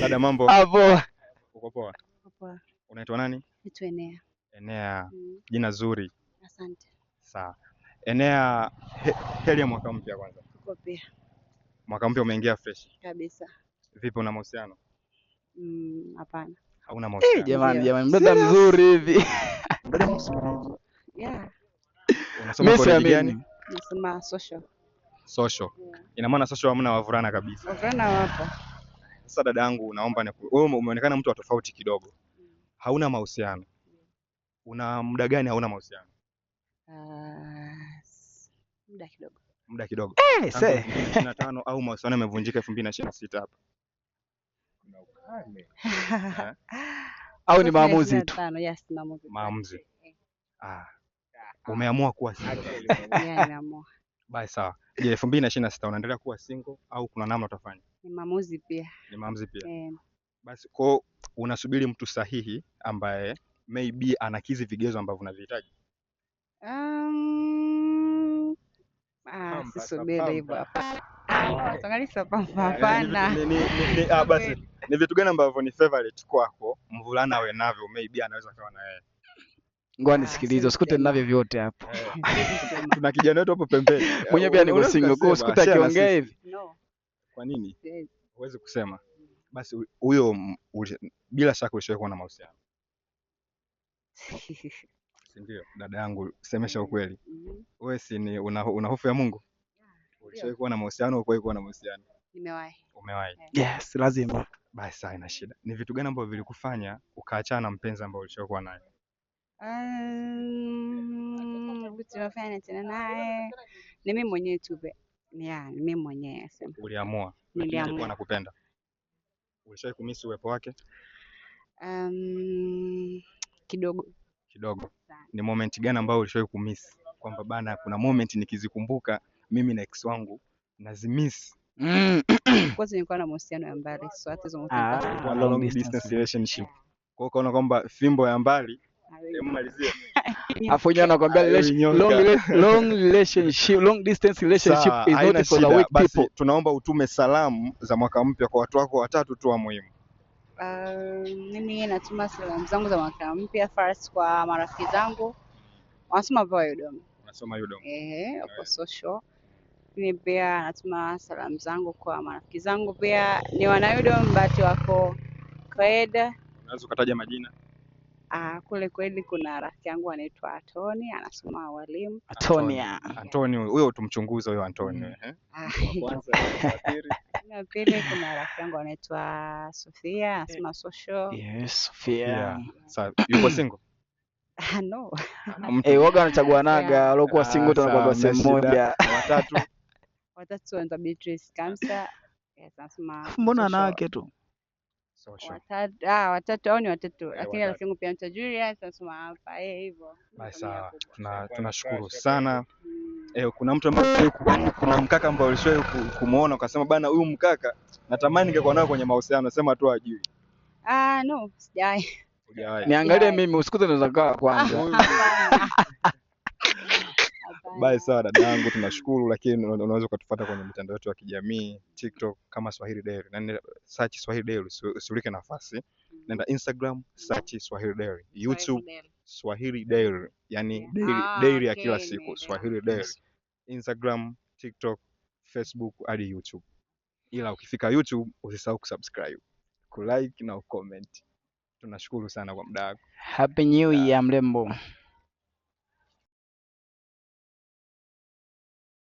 Dada, mambo hapo? Ah, Uko poa? Uko Poa. Unaitwa nani? Naitwa Enea. Enea, mm. Jina zuri. Asante. Sawa. Enea, he, heri ya mwaka mpya kwanza. Uko pia? Mwaka mpya umeingia fresh kabisa. Vipi, una mahusiano? Mm, hapana. Hauna eh, mahusiano. Hey, jamani jamani, mdada mzuri hivi. Mdada mzuri. Yeah. Unasoma college gani? Nasoma social. Social. Yeah. Ina maana social hamna wavurana kabisa. Wavurana wapo sasa dada yangu, naomba ni wewe, umeonekana mtu wa tofauti kidogo, hauna mahusiano. Una muda gani hauna mahusiano? Ah, muda kidogo, muda kidogo, eh, sasa tano au mahusiano yamevunjika elfu mbili na ishirini na sita hapa au ni maamuzi tu? Yes, maamuzi. Eh. Ah, umeamua kuwa Basi sawa. Je, elfu mbili na ishirini na sita unaendelea kuwa single au kuna namna utafanya? Ni maamuzi pia. Ni maamuzi pia. Eh. Basi kwao unasubiri mtu sahihi ambaye maybe anakizi vigezo ambavyo unavihitaji. Um, ah, sisubiri hivyo hapa. Basi ni vitu gani ambavyo ni favorite kwako mvulana awe navyo maybe anaweza kawa na yeye? Ngoja ah, nisikilize, usikute ninavyo vyote hapo. Eh. Kuna kijana wetu hapo pembeni mwenye pia ni single, kwa usikute akiongea hivi. Kwa nini huwezi kusema? Basi huyo bila shaka ulishawahi kuwa na mahusiano, si Dada yangu, semesha mm-hmm. ukweli, mm-hmm. wewe si ni una, una hofu ya Mungu? Ulishawahi kuwa na mahusiano? Hukuwahi kuwa na mahusiano? Nimewahi. Umewahi? Yes, lazima. Basi sawa, ina shida. Ni vitu gani ambavyo vilikufanya ukaachana na mpenzi ambao ulishawahi kuwa naye? Um, vitu nafanya tena naye ni mimi mwenyewe tu, mwenyewe Uliamua, nakupenda. Ulishawahi kumisi uwepo wake? Um, kidogo kidogo. Ni moment gani ambayo ulishawahi kumisi kwamba bana, kuna moment nikizikumbuka mimi na ex wangu nazimisi? Mm. Kwanza nilikuwa na mahusiano ya mbali, so hata hizo ah, kwa ukaona kwamba fimbo ya mbali afu nyewe long relationship long distance relationship is not for the weak people. Tunaomba utume salamu za mwaka mpya kwa watu wako watatu tu wa muhimu. Uh, mimi natuma salamu zangu za mwaka mpya first kwa marafiki zangu wanasoma Udom, wanasoma Udom kwa eh, social mimi pia natuma salamu zangu kwa marafiki zangu pia ni wana Udom but wako kawaida. Unaweza ukataja majina? Ah, kule kweli kuna rafiki yangu anaitwa Atoni, anasoma walimu. Antonia. Antoni huyo tumchunguze huyo Antoni. Mm. eh. Na ah, pili kuna rafiki yangu anaitwa Sofia, anasoma social. Yes, Sofia. Yeah. Sa yuko single? Ah, no. Eh, woga anachagua naga waliokuwa single tunakuwa kwa sehemu moja. Watatu. Watatu wanza Beatrice Kamsa, yes, anasoma Mbona anawake tu? Ah, watatu au ni watatu, eh, lakini rafiki yangu pia mtu Julius eh, anasoma hapa eh, hivyo. Basi Sawa, ah, tunashukuru sana. Mm. Eh, kuna mtu ambaye kuna mkaka ambaye ulishawahi kumuona ukasema bana, huyu mkaka natamani ningekuwa nayo kwenye mahusiano, sema tu ajui? Ah, no, sijai, Niangalie mimi, usikute naweza kaa kwanza ah, Bye sawa dadangu, tunashukuru, lakini unaweza ukatufuata kwenye mitandao yetu ya kijamii TikTok kama Swahili Daily, na nenda search Swahili Daily, usiulike nafasi. Nenda Instagram search Swahili Daily, YouTube Swahili Daily, Yaani ah, daily daily ya kila siku Swahili Daily, Instagram, TikTok, Facebook hadi YouTube. Ila ukifika YouTube usisahau kusubscribe, kulike na ucomment. Tunashukuru sana kwa muda wako. Happy New Year mrembo.